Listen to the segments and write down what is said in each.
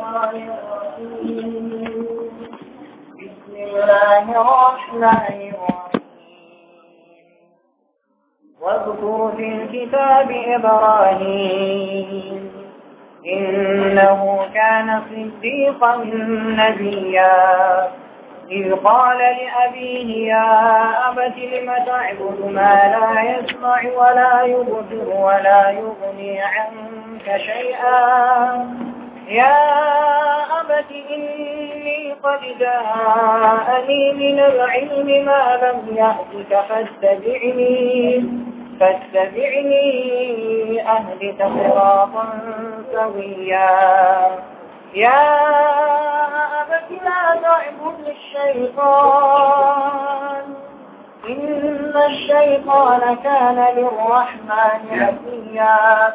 بسم الله الرحمن الرحيم واذكر في الكتاب إبراهيم إنه كان صديقا نبيا إذ قال لأبيه يا أبت لم تعبد ما لا يسمع ولا يبصر ولا يغني عنك شيئا يا أبت إني قد جاءني من العلم ما لم يأتك فاتبعني فاتبعني أهلك صراطا سويا يا أبت لا تعبد الشيطان إن الشيطان كان للرحمن عزيا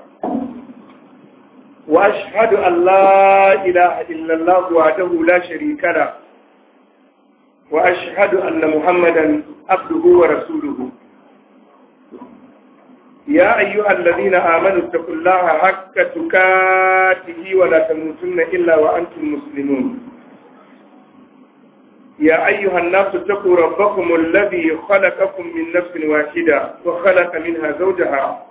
وأشهد أن لا إله إلا الله وحده لا شريك له وأشهد أن محمدا عبده ورسوله يا أيها الذين آمنوا اتقوا الله حق تكاته ولا تموتن إلا وأنتم مسلمون يا أيها الناس اتقوا ربكم الذي خلقكم من نفس واحدة وخلق منها زوجها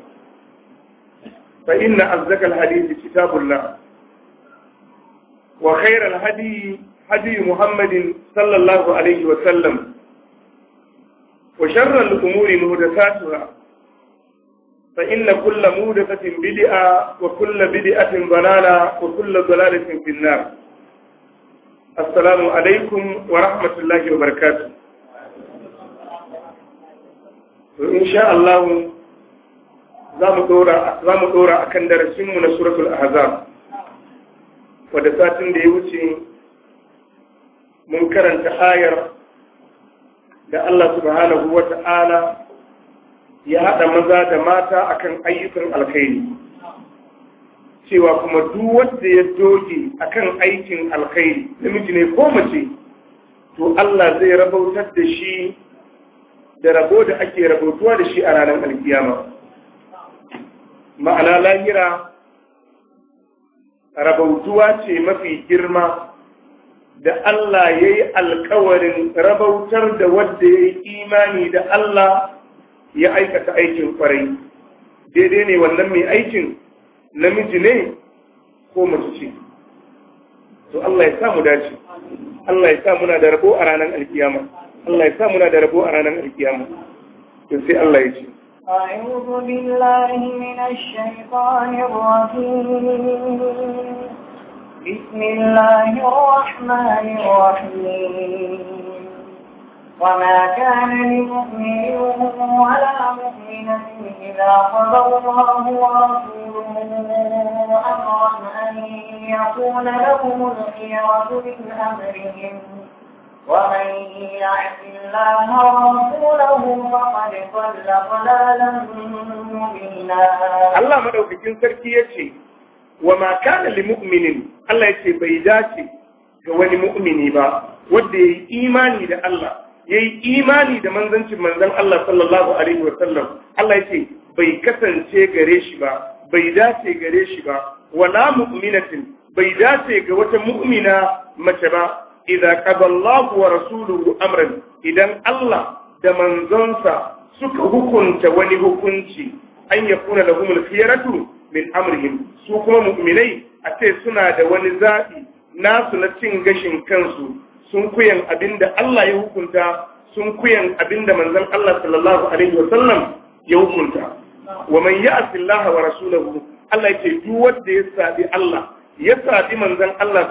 فإن أصدق الحديث كتاب الله وخير الهدي هدي محمد صلى الله عليه وسلم وشر الأمور مهدساتها فإن كل مهدسة بدعة وكل بدعة ضلالة وكل ضلالة في النار السلام عليكم ورحمة الله وبركاته إن شاء الله za mu ɗora a kan darasinmu na suratul ahzab wadda satin da ya wuce mun karanta ayar da Allah subhanahu wa ta'ala ya haɗa maza da mata akan ayyukan alkhairi cewa kuma duk wanda ya doge akan aikin alkhairi namiji ne ko mace to Allah zai rabautar da shi da rabo da ake rabautuwa da shi a ranar alkiyama. ma'ana lahira rabautuwa ce mafi girma da Allah ya yi alkawarin rabautar da wadda ya yi imani da Allah ya aikata aikin kwarai daidai ne wannan mai aikin namiji ne ko masu ce to Allah ya sa mu dace Allah ya sa muna da rabo a ranar alkiyama Allah ya sa muna da rabo a ranar alkiyama sai Allah ya ce أعوذ بالله من الشيطان الرجيم بسم الله الرحمن الرحيم وما كان لمؤمن ولا مؤمنة إذا قضى الله ورسوله أمرا أن يكون لهم الخيرة من أمرهم ومن يعص الله ورسوله فقد ضل ضلالا مبينا الله مدوكين سركي يتي وما كان لمؤمن الله يتي بيداتي ga wani mu'mini ba Wadda ya yi imani da Allah ya yi imani da manzancin manzan Allah sallallahu alaihi wa sallam Allah ce bai kasance gare shi ba bai dace gare shi ba wala mu'minatin bai dace ga wata mu'mina mace ba idza qada Allah wa amran idan Allah da manzonsa suka hukunta wani hukunci an yakuna lahumul khiyaratu min amrihim su kuma mu'minai a ce suna da wani zaɓi nasu na cin gashin kansu sun kuyan abinda Allah ya hukunta sun kuyan abinda manzon Allah ya hukunta wa man ya'si Allah wa rasulahu Allah ce duk wanda ya sabi Allah ya sabi manzon Allah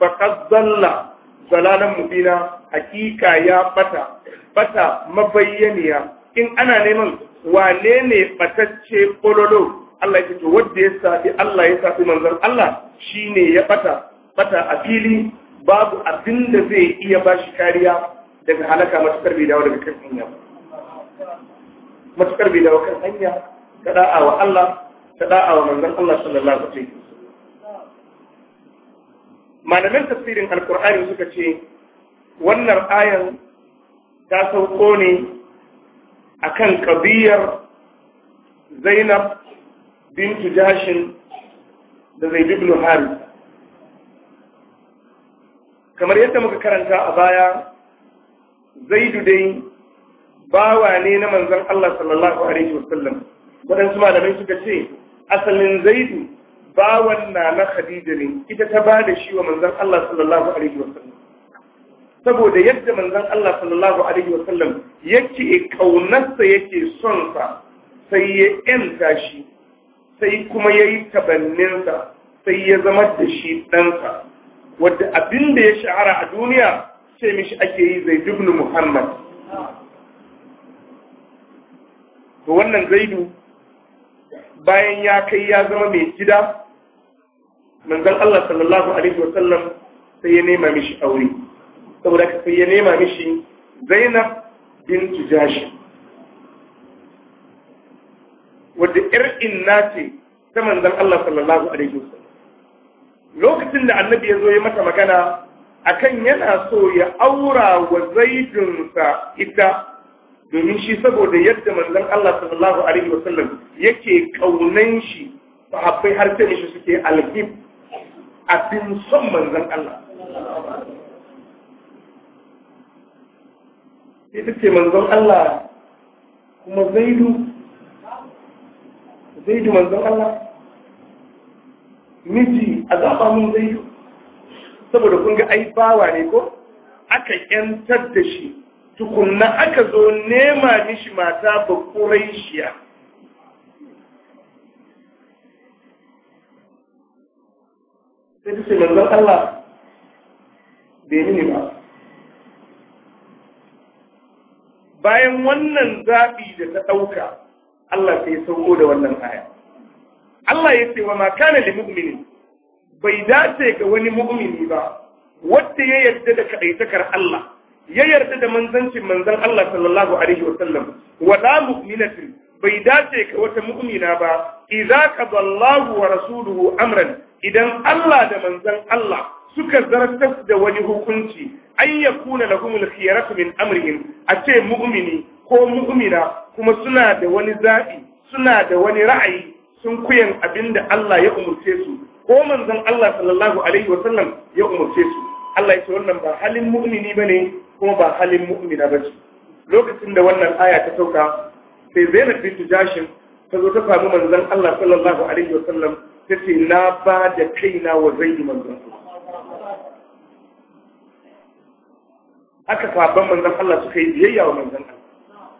faqad zalla zalalan mubina hakika ya bata bata mabayyaniya in ana neman wane ne batacce kololo Allah ya ce wanda ya sa Allah ya sabi manzon Allah shine ya bata bata a fili babu abin da zai iya bashi kariya daga halaka matukar bai dawo daga kan hanya matukar bai dawo kan hanya ta da'a wa Allah ta da'a wa manzon Allah sallallahu alaihi wasallam malamin tafsirin alkur'ani suka ce wannan ayan ta sauko ne a kan kabiyar zainab bintu jashin da zaid ibn kamar yadda muka karanta a baya zaidu dai bawa ne na manzon Allah sallallahu alaihi wasallam waɗansu malamai suka ce asalin zaidu bawan na na Khadija ne ita ta ba da shi wa manzon Allah sallallahu alaihi wasallam saboda yadda manzon Allah sallallahu alaihi wasallam yake kaunarsa yake son sa sai ya yanta shi sai kuma yayi tabanninsa sai ya zama da shi ɗansa wanda abin da ya shahara a duniya ce mishi ake yi zai ibn muhammad to wannan zaidu bayan ya kai ya zama mai gida manzon Allah sallallahu alaihi wasallam sai ya nema mishi aure saboda ka sai ya nema mishi Zainab bintu Jashi wadda ƴar inna ce ta manzon Allah sallallahu alaihi wasallam lokacin da annabi ya zo ya mata magana akan yana so ya aura wa sa ita domin shi saboda yadda manzon Allah sallallahu alaihi wasallam yake kaunan shi sahabbai har ta mishi suke alhib A abin son manzan Allah sai take ce manzon Allah kuma zaidu zaidu manzon Allah miji a zaɓa mun zaidu saboda kun ga ai bawa ne ko aka yantar da shi tukunna aka zo nema mishi mata bakurai shiya. sai ta ce Allah bai ne ba bayan wannan zaɓi da ta ɗauka Allah sai sauko da wannan aya Allah ya ce wa ma kana li mu'minin bai dace ga wani mu'mini ba wanda ya yarda da kaɗaitakar Allah ya yarda da manzancin manzan Allah sallallahu alaihi wa sallam mu'minatin bai dace ga wata mu'mina ba idza qadallahu wa rasuluhu amran idan Allah da manzon Allah suka zartar da wani hukunci an yakuna lahumul khiyaratu min amrihim a ce mu'mini ko mu'mina kuma suna da wani zabi suna da wani ra'ayi sun kuyan abinda Allah ya umurce su ko manzon Allah sallallahu alaihi wa sallam ya umurce su Allah ya ce wannan ba halin mu'mini bane kuma ba halin mu'mina bace lokacin da wannan aya ta sauka sai Zainab bint Jashin ta zo ta samu manzon Allah sallallahu alaihi wa sallam ta ce na ba da kaina wa zai yi manzan aka sabon manzan Allah suka yi biyayya wa manzan Allah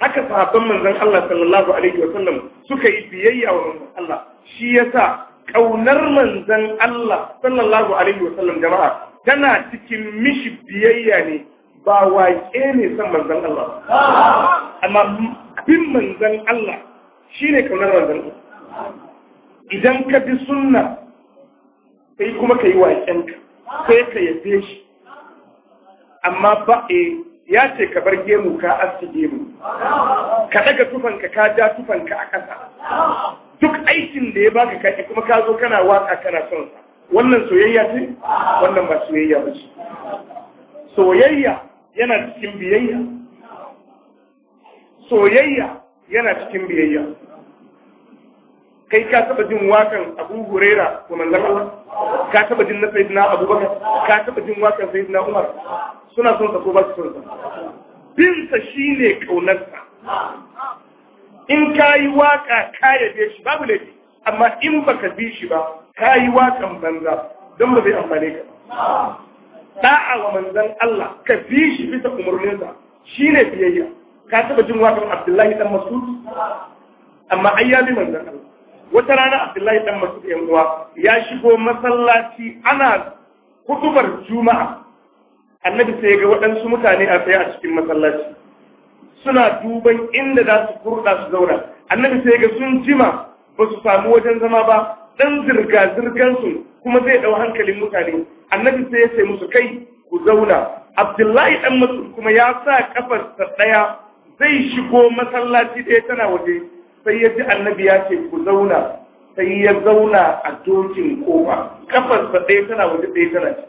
haka sahabban manzon Allah sallallahu alaihi wasallam suka yi biyayya wa manzon Allah shi yasa kaunar manzon Allah sallallahu alaihi wasallam jama'a tana cikin mishi biyayya ne ba waƙe ne san manzon Allah amma bin manzon Allah shi ne kaunar manzon idan ka bi sunna sai kuma ka yi waƙenka sai ka yabe shi amma ba e ya ce ka bar gemu ka aski gemu ka daga tufanka ka ja tufanka a ƙasa duk aikin da ya baka kaki kuma ka zo kana waka kana son sa wannan soyayya ce wannan ba soyayya ba ce soyayya yana cikin biyayya soyayya yana cikin biyayya kai ka taba jin wakan Abu Huraira ko manzon ka taba jin na Sayyidina Abubakar ka taba jin wakan Sayyidina Umar suna son ka ko ba su son ka bin sa shine kaunarsa in yi waka ka yabe shi babu laifi amma in baka bi shi ba yi wakan banza don ba zai amfane ka da'a wa manzon Allah ka bi shi bisa umarninsa shine biyayya ka taba jin waƙar Abdullahi dan Mas'ud amma ayyami ya wata rana Abdullahi dan Mas'ud yan uwa ya shigo masallaci ana kutubar Juma'a annabi sai ga waɗansu mutane a tsaye a cikin masallaci suna duban inda za su kurɗa su zauna annabi sai ga sun jima ba su samu wajen zama ba dan zirga zirgan su kuma zai ɗau hankalin mutane annabi sai ya ce musu kai ku zauna abdullahi dan masud kuma ya sa ƙafarsa ɗaya zai shigo masallaci ɗaya tana waje sai ya ji annabi ya ce ku zauna sai ya zauna a dokin kofa kafarsa ɗaya tana waje ɗaya tana ci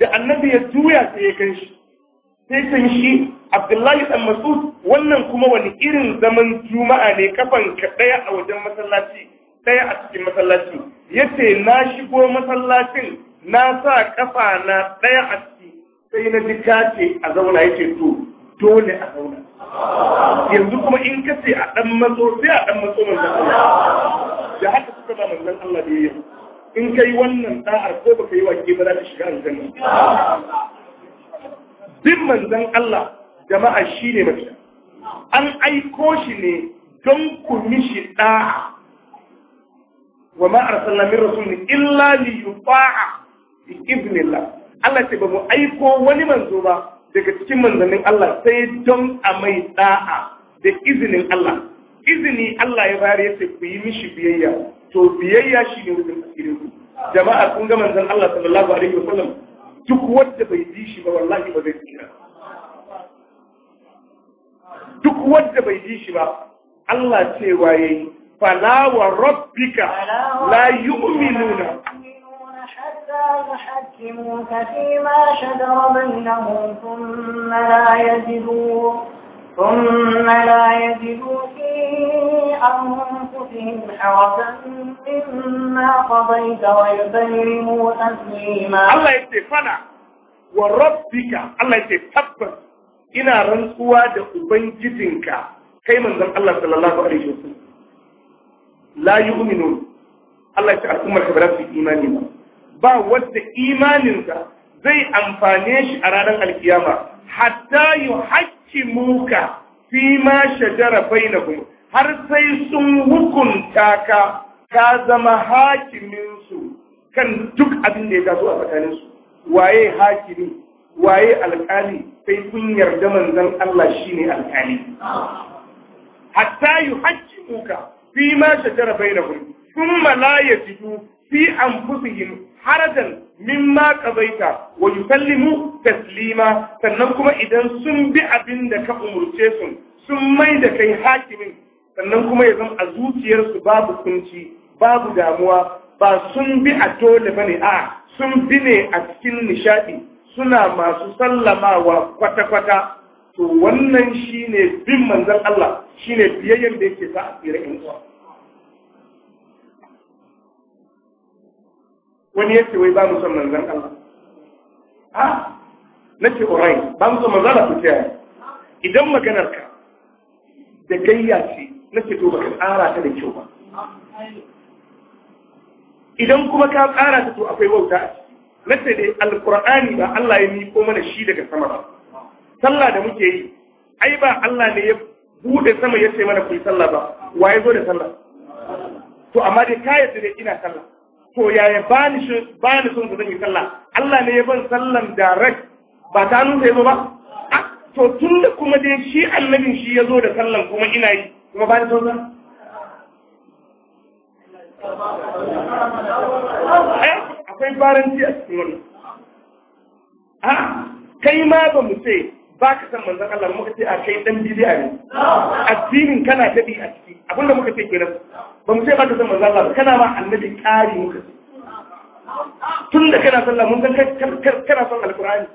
da annabi ya juya sai ya kan shi sai kan shi abdullahi dan mas'ud wannan kuma wani irin zaman juma'a ne kafan ka ɗaya a wajen masallaci ɗaya a cikin masallaci ce na shigo masallacin na sa kafa na ɗaya a sai na ji kace a zauna yake to dole a zauna yanzu kuma in ka ce a ɗan maso sai a ɗan maso man manzon Allah da haka suka ba manzon Allah da yayi in ka yi wannan da'ar ko baka yi wake ba za ka shiga aljanna bin manzon Allah jama'a shi shine mafita an aiko shi ne don ku mishi da'a wa ma arsalna min rasulin illa li yuta'a bi idnillah Allah ce ba mu aiko wani manzo ba daga cikin manzannin Allah sai don a mai da'a da izinin Allah izini Allah ya bayar yace ku yi mishi biyayya to biyayya shi ne wajen asirin ku jama'a kun ga manzan Allah sallallahu alaihi sallam? duk wanda bai ji shi ba wallahi ba zai tsira duk wanda bai ji shi ba Allah cewa waye? fala wa rabbika la yu'minuna يحكموك فيما شجر بينهم ثم لا يجدوا ثم لا يجدوا في أنفسهم حرجا مما قضيت ويسلموا تسليما الله يتفنى وربك الله يتفنى ina rantsuwa da ubangijinka kai manzon Allah sallallahu alaihi wasallam la yu'minun Allah ya ce al'ummar ka ba za su imani ba ba wanda imaninsa zai amfane shi a ranar alkiyama hatta yi hakki muka fi ma shajara bainakum har sai sun hukunta ka ka zama hakiminsu kan duk abin da ya taso a tsakaninsu waye hakimi waye alkali sai kun yarda manzon Allah shine alkali hatta yi haƙƙi muka fi ma shajara bainakum ثم لا يجدوا في أنفسهم harajan mimma kabaita wa yusallimu taslima sannan kuma idan sun bi abin da ka umurce su sun mai da kai hakimin sannan kuma ya zama a zuciyarsu babu kunci babu damuwa ba sun bi a dole bane a sun bi ne a cikin nishadi suna masu sallamawa kwata-kwata to wannan shine bin manzon Allah shine biyayyen da yake sa a tsira in uwa wani yake wai ba mu son manzon Allah a nace urai ba mu son manzon Allah to kiyaye idan maganar ka da gayya ce ce to baka tsara ta da kyau ba idan kuma ka tsara ta to akwai wauta a ciki dai alqur'ani ba Allah ya miko mana shi daga sama ba sallah da muke yi ai ba Allah ne ya bude sama ya ce mana ku yi sallah ba waye zo da sallah to amma dai ka yadda ina sallah ko yaya ba ni son su zan yi sallah Allah ne ya ban sallan direct ba ta nuna ya zo ba to tun da kuma dai shi annabin shi ya zo da sallan kuma ina yi kuma ba ni sun sa eh, akwai faranci a cikin wannan a kai ma ba mu sai ba ka san manzon Allah muka ce a kai dan a ne addinin kana dadi a ciki abinda muka ce kenan ba mu ce ba ka san manzon Allah kana ma annabi kari muka ce tun da kana Allah, mun san kana son alqur'ani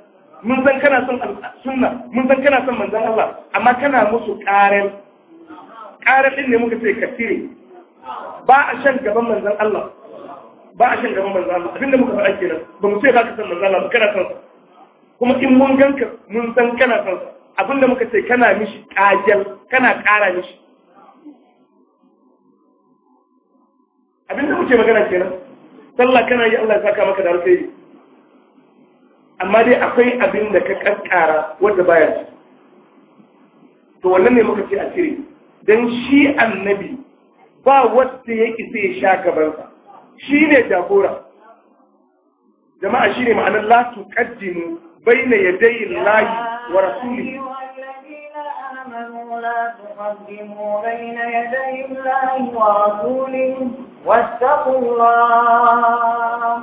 mun san kana son sunna mun san kana son manzon Allah amma kana musu ƙarar ƙarar din ne muka ce ka tire ba a shan gaban manzon Allah ba a shan gaban manzon Allah abinda muka faɗa kenan ba mu ce ba ka san manzon Allah kana son kuma in mun ganka mun san kana son abinda muka ce kana mishi kajal kana ƙara mishi abinda muke magana kenan sallah kana yi Allah ya saka maka da alkhairi amma dai akwai abin da ka kankara wanda baya ci to wannan ne muka ce a cire dan shi annabi ba wanda ya ki sai sha gabansa shi ne jagora jama'a shine ma'anar la tuqaddimu بين يدي الله ورسوله لا تقدموا بين يدي الله ورسوله واتقوا الله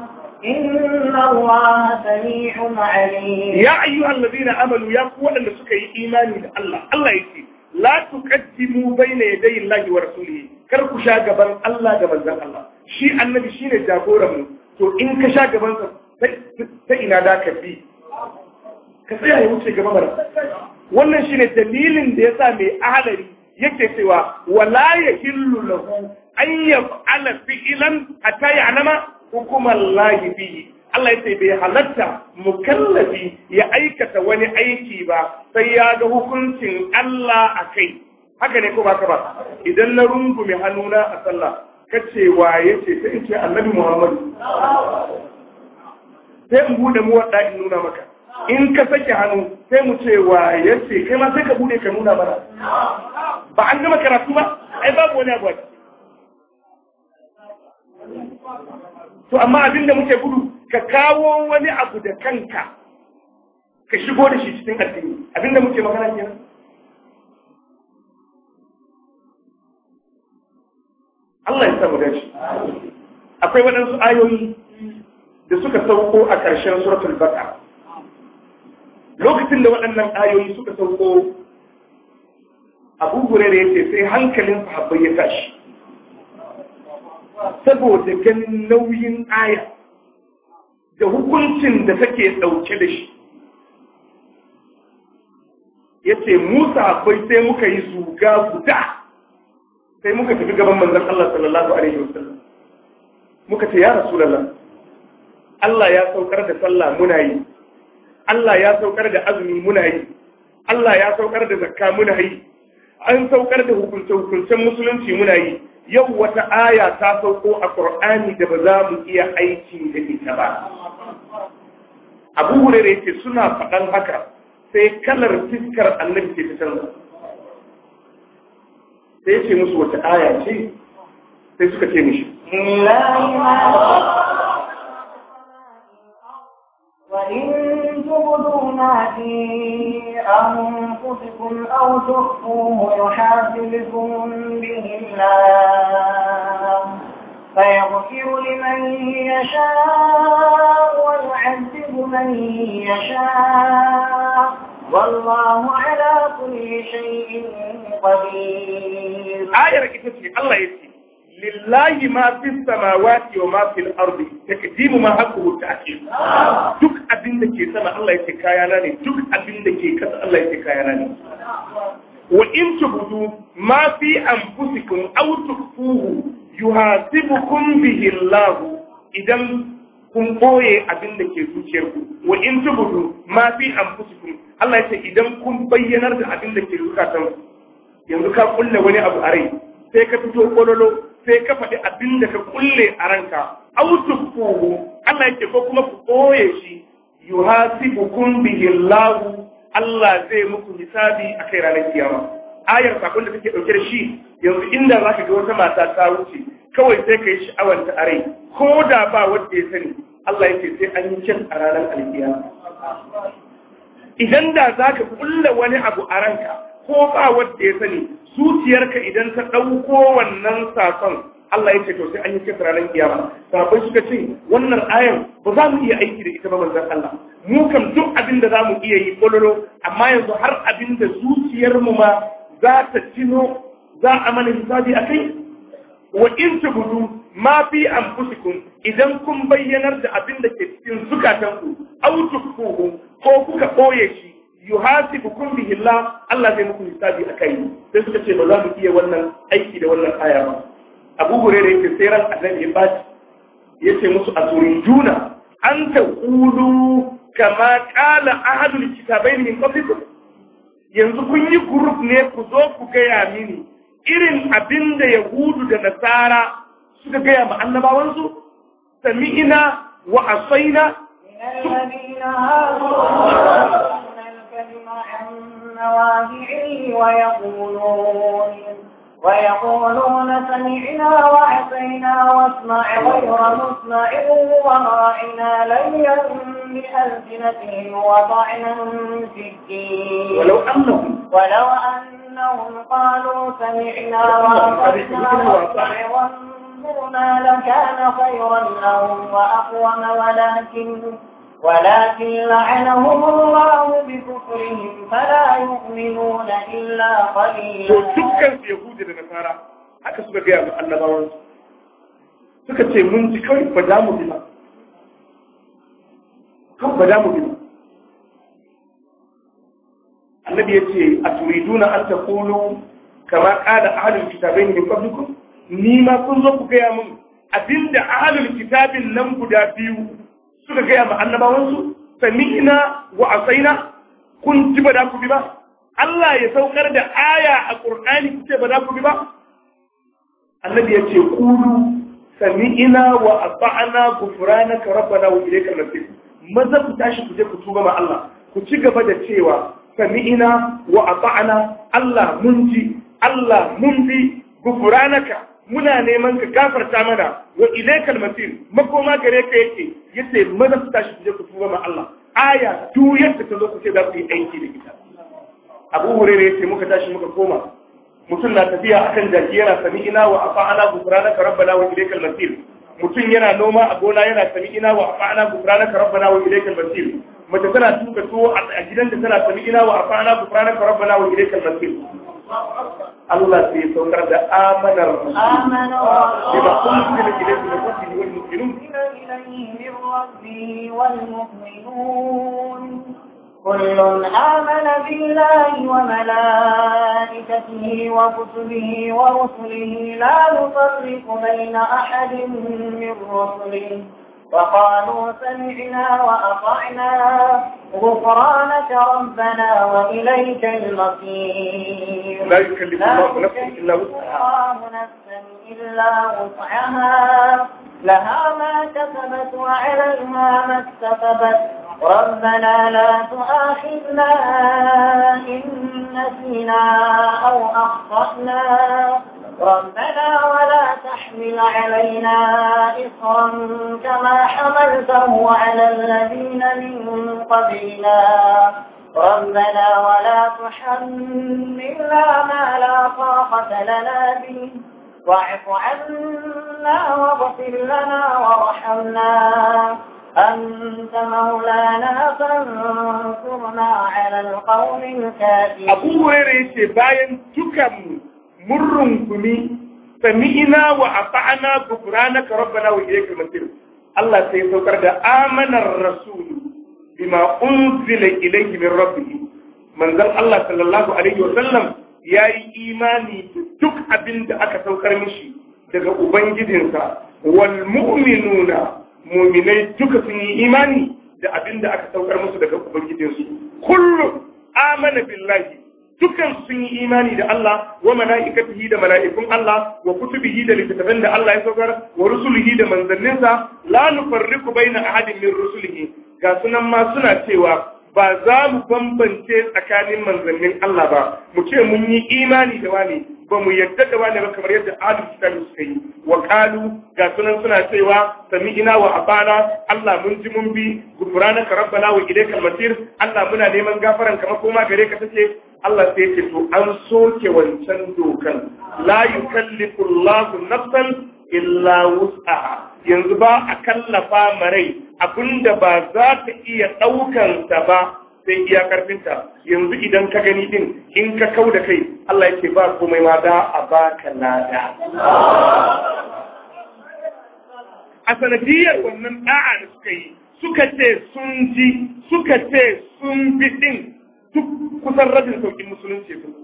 إن الله سميع عليم يا أيها الذين آمنوا يا قوة أن سكي إيماني الله الله يسير لا تقدموا بين يدي الله ورسوله كركو شا غبان الله غبان ذا الله شي النبي شي ne jagoran mu to in ka sha gaban sa sai ina da ka bi ka tsaya ya wuce gaba mara wannan shine dalilin da yasa mai ahalari yake cewa wala hillu lahu an yaf'ala fi'lan hatta ya'lama hukumar lahi bihi Allah yace bai halatta mukallafi ya aikata wani aiki ba sai ya ga hukuncin Allah akai haka ne ko ba ka ba idan na rungume hannuna a sallah kace waye ce sai in ce Annabi Muhammad sai in bude mu wadda in nuna maka in ka sake hannu sai mu ce wa ce kai ma sai ka bude ka nuna bara ba an gama karatu ba ai babu wani abu to amma abin da muke gudu ka kawo wani abu da kanka ka shigo da shi cikin addini abin da muke magana kenan Allah ya samu dace akwai waɗansu ayoyi da suka sauko a ƙarshen suratul baqara lokacin da waɗannan ayoyi suka sauko abu hurairu ya ce sai hankalin sahabbai ya tashi saboda ganin nauyin aya da hukuncin da take ɗauke da shi ya ce mu sahabbai sai muka yi zuga guda sai muka tafi gaban manzan Allah sallallahu alaihi wasallam muka ce ya rasu Allah ya saukar da sallah muna yi Allah ya saukar da azumi muna yi Allah ya saukar da zakka muna yi an saukar da hukunce-hukuncen musulunci muna yi yau wata aya ta sauko a ƙur'ani da ba za mu iya aiki da ita ba Abu Hurairah ce suna faɗan haka sai kalar fiskar Allah ke ta canza sai ce musu wata aya ce sai suka ce mishi ولله ما في أنفسكم أو تخفوه يحاسبكم به الله فيغفر لمن يشاء ويعذب من يشاء والله على كل شيء قدير آية كتبتي الله يسير lillahi ma fi samawati wa ma fil ardi takdimu duk abin ke sama Allah yake kaya na ne duk abin ke kasa Allah yake kaya na ne wa in tubudu ma idan kun ɓoye abin da ke zuciyarku wa in tubudu ma fi Allah ya ce idan kun bayyanar da abin da ke zukatanku yanzu ka kulle wani abu a rai sai ka fito kololo sai ka faɗi abin da ka kulle a ranka autukuhu Allah yake ko kuma ku ɓoye shi yuhasibukum bihi Allah Allah zai muku hisabi a kai ranar kiyama ayar sakon da kake ɗauke da shi yanzu inda za ka ga wata mata ta wuce kawai sai ka yi sha'awar ta arai ko da ba wanda ya sani Allah yake sai an yi kyan a ranar alkiyama idan da za ka kulle wani abu a ranka ko ba wanda ya sani zuciyarka idan ta ɗauko wannan sakon, Allah ya ce to sai an yi kisa nan kiyama sabon suka ce wannan ayan ba za mu iya aiki da ita ba manzon Allah mu kam duk abin da za mu iya yi kololo amma yanzu har abin da zuciyar mu ma za ta tino za a mana hisabi akai wa in tubudu ma fi anfusikum idan kun bayyanar da abin da ke cikin zukatanku au tukuhu ko kuka koye shi yuhasibukum bihi Allah Allah zai muku hisabi akai sai suka ce ba za mu iya wannan aiki da wannan aya ba Abu Hurairah yake sai ran Annabi ya baci yace musu juna. an taqulu kama qala ahadul kitabain min qablikum yanzu kun yi group ne ku zo ku gaya mini irin abin da Yahudu da Nasara suka gaya ma annabawansu sami'ina wa asaina عن نواهعه ويقولون ويقولون سمعنا وعصينا واسمع غير مسمع وراعنا ليا بألسنتهم وطعنا في الدين ولو أنهم ولو أنهم قالوا سمعنا وأطعنا واسمع وانظرنا لكان خيرا لهم وأقوم ولكن ولكن لعنهم الله بكفرهم فلا يؤمنون إلا قليلا دكان يهود da nasara haka suka gaya mu annabawan suka ce mun ji kawai ba za mu bi ba kawai ba za mu bi ba annabi yace aturiduna an ta taqulu kama qala ahlul kitabain min qablikum ni ma kun zo ku gaya min. abinda ahlul kitabin nan guda biyu suka gaya ma annabawansu sami'na wa asaina kun ji ba da ku bi ba Allah ya saukar da aya a Qur'ani ku ce ba da ku bi ba annabi ya ce kulu sami'ina wa ata'na ghufranaka rabbana wa ilaykal masir maza ku tashi ku je ku tuba ma Allah ku ci gaba da cewa sami'ina wa ata'na Allah mun ji Allah mun bi ghufranaka muna neman ka gafarta mana wa ilaikal masir makoma gare ka yake yace maza ku tashi ku je ku tuba ma Allah aya duk yadda ta zo ku ce za ku yi aiki da kita Abu Hurairah yace muka tashi muka koma mutum na tafiya akan jaki yana sami ina wa afa'ala ka rabbana wa ilaikal masir mutum yana noma a gona yana sami ina wa afa'ala ka rabbana wa ilaikal masir mace tana tuka tuwo a gidan da tana sami ina wa afa'ala ka rabbana wa ilaikal masir Allah sai saukar da amanar musulmi ba kun fi da gidan da kun fi wani musulmi كل آمن بالله وملائكته وكتبه ورسله لا نفرق بين أحد من رسله وقالوا سمعنا وأطعنا غفرانك ربنا وإليك المصير لا يكلف الله نفسا إلا وسعها نفسا إلا وسعها لها ما كسبت وعليها ما اكتسبت ربنا لا تؤاخذنا إن نسينا أو أخطأنا ربنا ولا تحمل علينا إصرا كما حملته على الذين من قبلنا ربنا ولا تحملنا ما لا طاقة لنا به واعف عنا واغفر لنا وارحمنا أنت مولانا فانصرنا على القوم الكافرين أبو هريرة باين تكمل mun rungumi sami'ina wa ata'ana ka rabbana wa ilayka al-masir Allah sai saukar da amanar rasul bima unzila ilayhi min rabbih manzon Allah sallallahu alaihi wa sallam yayi imani duk abinda aka saukar mishi daga ubangijinsa wal mu'minuna mu'minai duka sun yi imani da abinda aka saukar musu daga ubangijinsu kullu amana billahi dukan sun yi imani da Allah wa mala'ikatihi da mala'ikun Allah wa kutubihi da littattafan da Allah ya saukar wa rusulihi da manzanninsa la nufarriqu baina ahadin min rusulihi ga sunan ma suna cewa ba za mu bambance tsakanin manzannin Allah ba mu ce mun yi imani da wani ba mu yadda da wani ba kamar yadda adu suka yi suka yi wa kalu ga sunan suna cewa sami ina wa abana Allah mun ji mun bi gufrana ka rabbana wa ka masir Allah muna neman gafaran kamar koma gare ka take Allah sai ce to an soke wancan dokan la yukallifu nafsan illa wus'aha yanzu ba a kallafa marai abinda ba za ta iya ɗaukansa ba sai iya karfinta yanzu idan ka gani din in ka kau da kai Allah yake ba komai ma da a baka lada a sanadiyar wannan da'a da suka yi suka ce sun ji suka ce sun bi din duk kusan rashin sauƙin musulunci su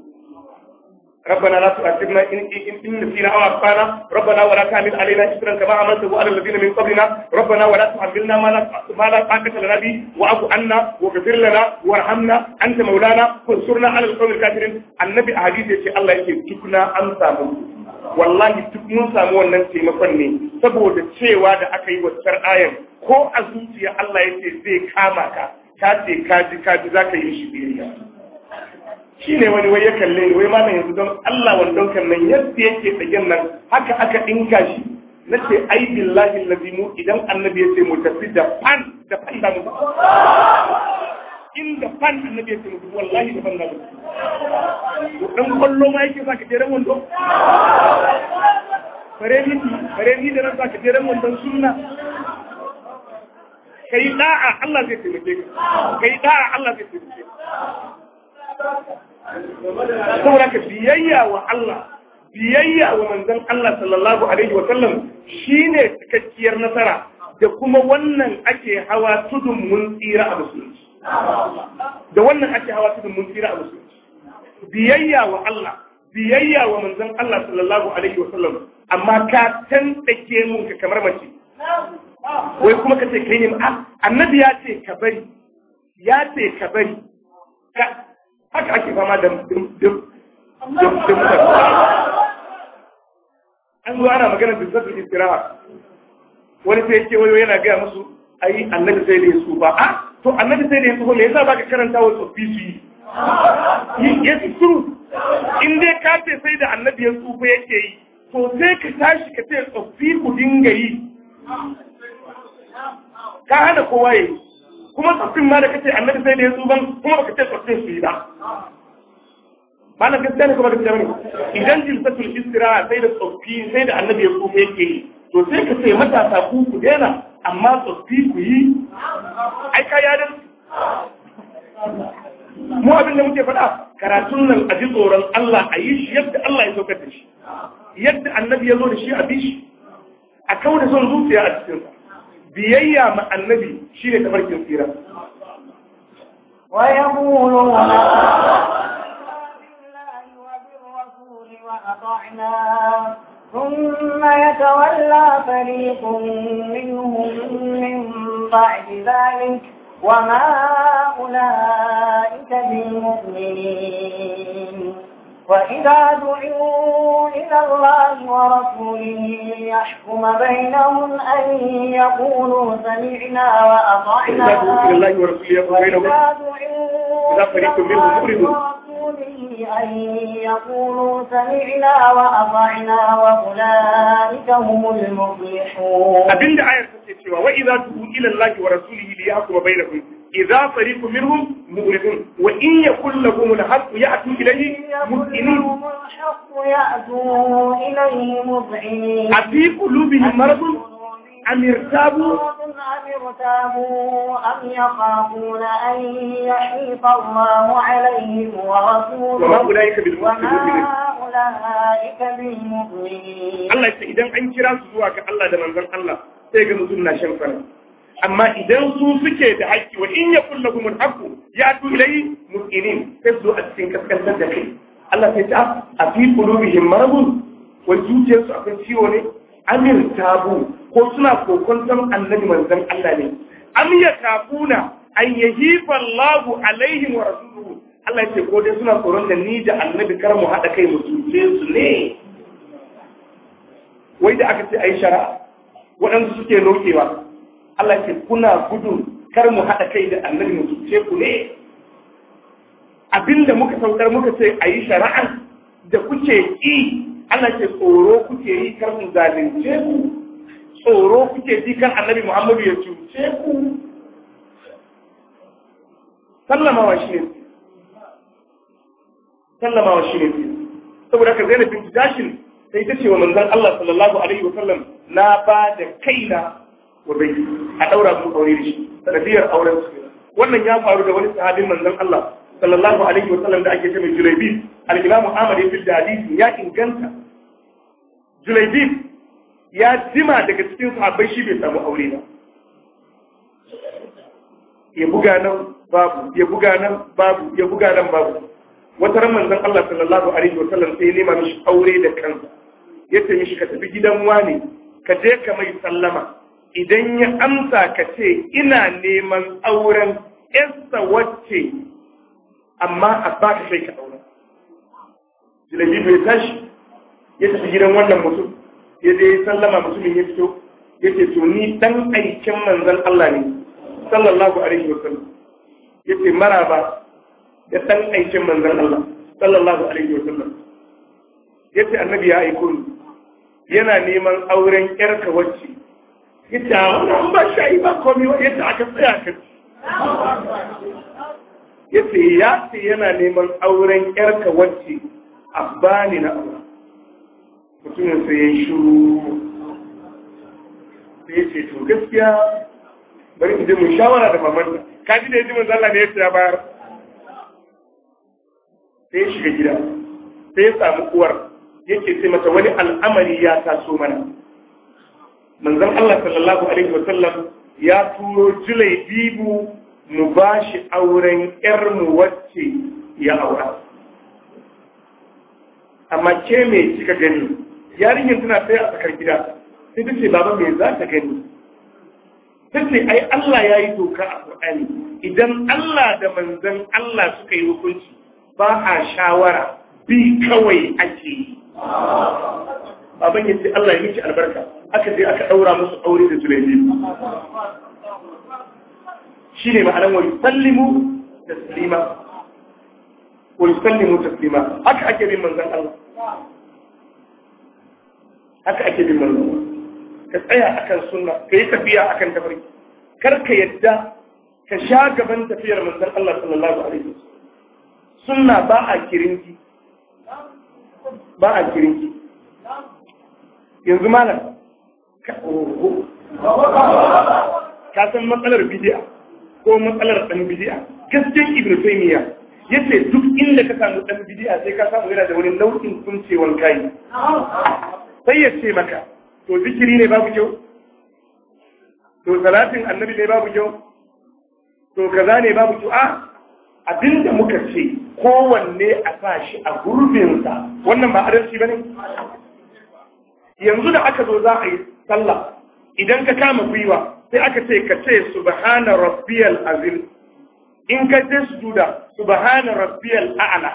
ربنا لا تؤاخذنا إن إن نسينا أو أخطأنا ربنا ولا تحمل علينا إصرا كما عملته على الذين من قبلنا ربنا ولا تحملنا ما لا ما لا طاقة لنا به واعف عنا واغفر لنا وارحمنا أنت مولانا وانصرنا على القوم الكافرين النبي حديث يقول الله يقول تكنا أنت wallahi duk mun samu wannan taimakon ne saboda cewa da aka yi waccar ayan ko a zuciya Allah ya ce zai kama ka ka ce ka ji ka ji za ka yi shi biyayya shi ne wani wai ya kalle ni wai malam yanzu don Allah wandon kan nan yadda yake tsagen nan haka aka dinka shi ce ai billahi allazi mu idan annabi ce mu tafi da fan da fan da mu inda fan annabi ce mu wallahi da fan da mu dan kollo ma yake saka jeren wando bare ni bare ni da ranka ka jeren wandon sunna kai da'a Allah zai taimake ka kai da'a Allah zai taimake ka saboda ka biyayya wa Allah biyayya wa manzon Allah sallallahu alaihi wa sallam shine cikakkiyar nasara da kuma wannan ake hawa tudun mun tsira a musulunci da wannan ake hawa tudun mun tsira a musulunci biyayya wa Allah biyayya wa manzon Allah sallallahu alaihi wa sallam amma ka tantake mun ka kamar mace wai kuma ka ce kai ne ah, annabi ya ce ka bari ya ce ka bari haka ake fama da dum an zo ana magana da zafin istiraha wani sai ce wayo yana gaya musu ai annabi sai da ya tsufa a ah, to annabi sai da ya tsufa me yasa baka karanta wa tsoffi su yi ya tsuru in dai ka ce sai da annabi ya tsufa yake yi to sai ka tashi ka ce tsoffi ku dinga yi ka hana kowa ya yi kuma tsoffin ma da kace annabi sai da ya tsuban kuma baka ce tsoffin su yi ba malam gaskiya ne kuma gaskiya ne idan jilsatul istira sai da tsoffi sai da annabi ya tsufa yake yi to sai ka ce matasa ku ku dena, amma tsoffi ku yi ai ka yadin mu abin da muke faɗa karatun nan a ji tsoron Allah a yi shi yadda Allah ya saukar da shi yadda annabi ya zo da shi a bi shi a kawo da son zuciya a cikinsa biyayya ma annabi shi ne ta farkin tsira. Waya muru wa ثُمَّ يَتَوَلَّى فَرِيقٌ مِّنْهُم مِّن بَعْدِ ذَٰلِكَ وَمَا أُولَٰئِكَ بِالْمُؤْمِنِينَ وإذا دعوا إلى الله ورسوله ليحكم بينهم أن يقولوا سمعنا وأطعنا وإذا دعوا إلى الله ورسوله أن يقولوا سمعنا وأطعنا وأولئك هم المفلحون أبن آية سيتشوى وإذا دعوا إلى الله ورسوله ليحكم بينهم idza fariqu minhum mu'ridun wa in yakul lahum al-haqqu ya'tu أفي قلوبهم مرض أم ارتابوا أم يخافون أن يحيط الله عليهم ورسوله وما أولئك بالمؤمنين Allah ya idan an kira su zuwa ga Allah da manzon Allah sai ga mutum na shan fara. amma idan su suke da haƙƙi wa in ya kulla gumin haƙƙu ya tulai mu'minin sai su a cikin kaskantar da kai Allah sai ta ah, a fi qulubihim marabun wa zuciyarsu akan ciwo ne amir tabu ko suna kokonton annabi manzon Allah ne am kafuna an yahifa Allahu alaihim wa rasuluhu Allah ya ce ko dai suna tsoron da ni da annabi kar mu haɗa kai mu su ne wai da aka ce ai shara, waɗansu suke nokewa Allah ce kuna gudun kar mu haɗa kai da annabi mu cuce ku ne abinda muka saukar muka ce a yi shari'ar da kuke ƙi Allah ce tsoro kuke yi kar mu zalunce ku tsoro kuke ji kan annabi Muhammadu ya cuce ku sallamawa shi ne sallamawa shi ne saboda haka Zainab bin Jashin sai ta ce wa manzan Allah sallallahu alaihi wa sallam na ba da kaina kurrai a daura aure shi sanadiyar auren su wannan ya faru da wani sahabin manzon Allah sallallahu alaihi da ake cewa al-Imam Ahmad ibn ya inganta Julaybib ya jima daga cikin sahabbai shi bai samu aure ba ya buga nan babu ya buga nan babu ya buga nan babu wata ran manzon Allah sallallahu alaihi nema mishi aure da kansa yace mishi ka tafi gidan ne? ka je ka mai sallama idan ya amsa ka ce ina neman auren yarsa wacce amma a ba ka sai ka aure. Jilabibu ya tashi ya tafi gidan wannan mutum ya je sallama mutumin ya fito ya ce to ni dan aikin manzan Allah ne sallallahu alaihi wa sallam ya ce maraba da dan aikin manzan Allah sallallahu alaihi wa sallam ya ce annabi ya aiko ni yana neman auren ƴarka wacce yace ah, wannan ba shi ba komai wani aka tsaya ka yace ya ce yana neman auren yarka wacce a bani na aure mutumin sai ya shuru sai ya ce to gaskiya bari ki je mun shawara da mamanta ka ji da ji mun zalla ne ya yace ya bayar sai ya shiga gida sai ya samu uwar yake ce mata wani al'amari ya taso mana manzon Allah sallallahu alaihi wa sallam ya turo julai bibu mu ba shi auren yar mu wacce ya aura amma ke me kika gani yarinyar tana tsaye a tsakar gida sai ta ce baba me za ta gani ta ai Allah ya yi doka a Qur'ani idan Allah da manzan Allah suka yi hukunci ba a shawara bi kawai ake yi baban ya ce Allah ya miki albarka aka je aka ɗaura musu aure da Sulaiman shine ma'anar wa yusallimu taslima wa yusallimu taslima haka ake bin manzon Allah haka ake bin manzon Allah ka tsaya akan sunna ka yi tafiya akan tafarki kar ka yadda ka sha gaban tafiyar manzon Allah sallallahu alaihi wasallam sunna ba a kirinki ba a kirinki yanzu malam ka matsalar bidi'a ko matsalar dan bidiya gaskiyar ibn ya ce duk inda ka samu dan bidiya sai ka samu yana da wani nau'in kuncewar kai sai ya ce maka to zikiri ne babu kyau to salatin annabi ne babu kyau to kaza ne babu kyau a abinda muka ce kowanne a sa shi a gurbinsa wannan ba adalci ba ne? yanzu da aka zo za a yi sallah idan ka kama gwiwa sai aka ce ka ce subhana rabbiyal azim in ka je sujuda subhana rabbiyal a'la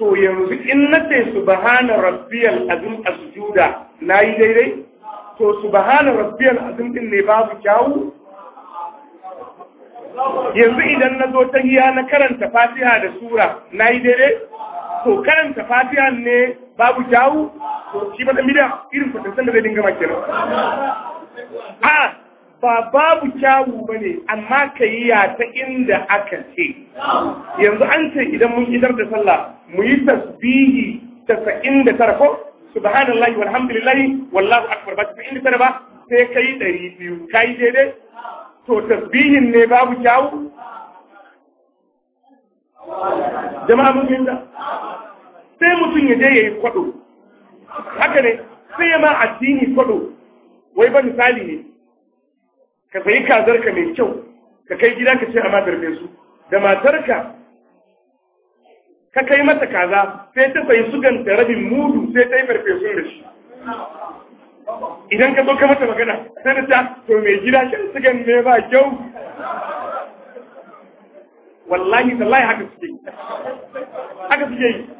to yanzu in na ce subhana rabbiyal azim a sujuda nayi daidai to subhana rabbiyal azim din ne babu kyawu yanzu idan na zo ta hiya na karanta fatiha da sura nayi daidai to karanta fatiha ne babu kyawu shi ba dan bid'a irin fatan da zai dinga maki kenan a ba babu kyawu ba ne amma ka yi ya ta inda aka ce yanzu an ce idan mun idar da sallah mu yi tasbihi ta inda tara ko subhanallahi walhamdulillahi wallahu akbar ba ta da tara ba sai ka yi ɗari biyu ka yi daidai to tasbihin ne babu kyawu jama'a mun fahimta mutum ya je ya yi kwaɗo haka ne sai ya ma addini kwaɗo wai ba misali ne ka sayi kazarka mai kyau ka kai gida ka ce a ma su da matarka ka kai mata kaza sai ta sayi sugan da rabin mudu sai ta yi farfesun da shi idan ka zo ka mata magana sai da ta to mai gida shan sugan ne ba kyau wallahi tallahi haka suke haka suke yi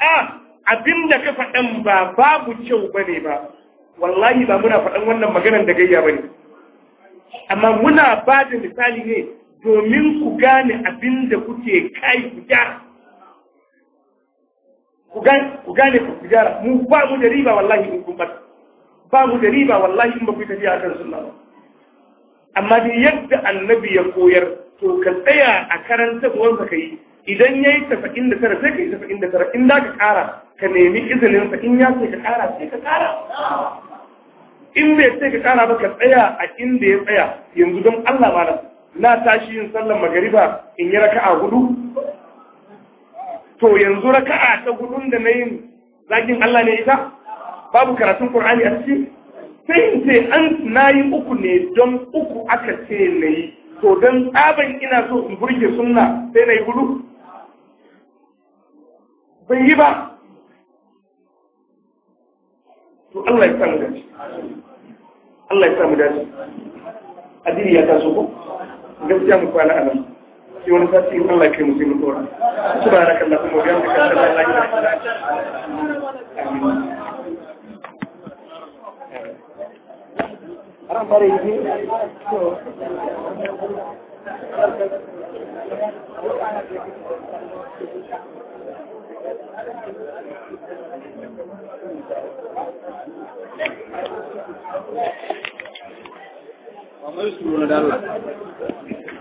a abin da ka faɗan ba babu kyau ba ne ba wallahi ba muna faɗan wannan maganar da gayya ba ne amma muna ba da misali ne domin ku gane abin da kuke kai ku gyara ku gane ku gyara mu ba mu da riba wallahi in kun bata ba mu da riba wallahi in ba ku tafiya a sunna ba amma ni yadda annabi ya koyar to ka tsaya a karanta wanda ka yi idan ya yi tafa'in da tara sai ka yi tafa'in da tara in da ka ƙara ka nemi izinin sa in ya ce ka ƙara sai ka kara in bai sai ka ƙara ba ka tsaya a inda ya tsaya yanzu don Allah ma na tashi yin sallar magariba in yi raka'a hudu to yanzu raka'a ta hudun da na yin zagin Allah ne ita babu karatun Qur'ani a ciki sai in ce an na yi uku ne don uku aka ce na yi to don tsaban ina so in burge sunna sai na yi hudu bai yi ba to Allah ya samu dace Allah ya samu dace addini ya taso ko gaskiya mu kwana a nan sai wani sati in Allah kai mu sai mu tsora subhanakallahu wa bihamdika ashhadu an la ilaha amin Thank you. Vamos a ver si uno da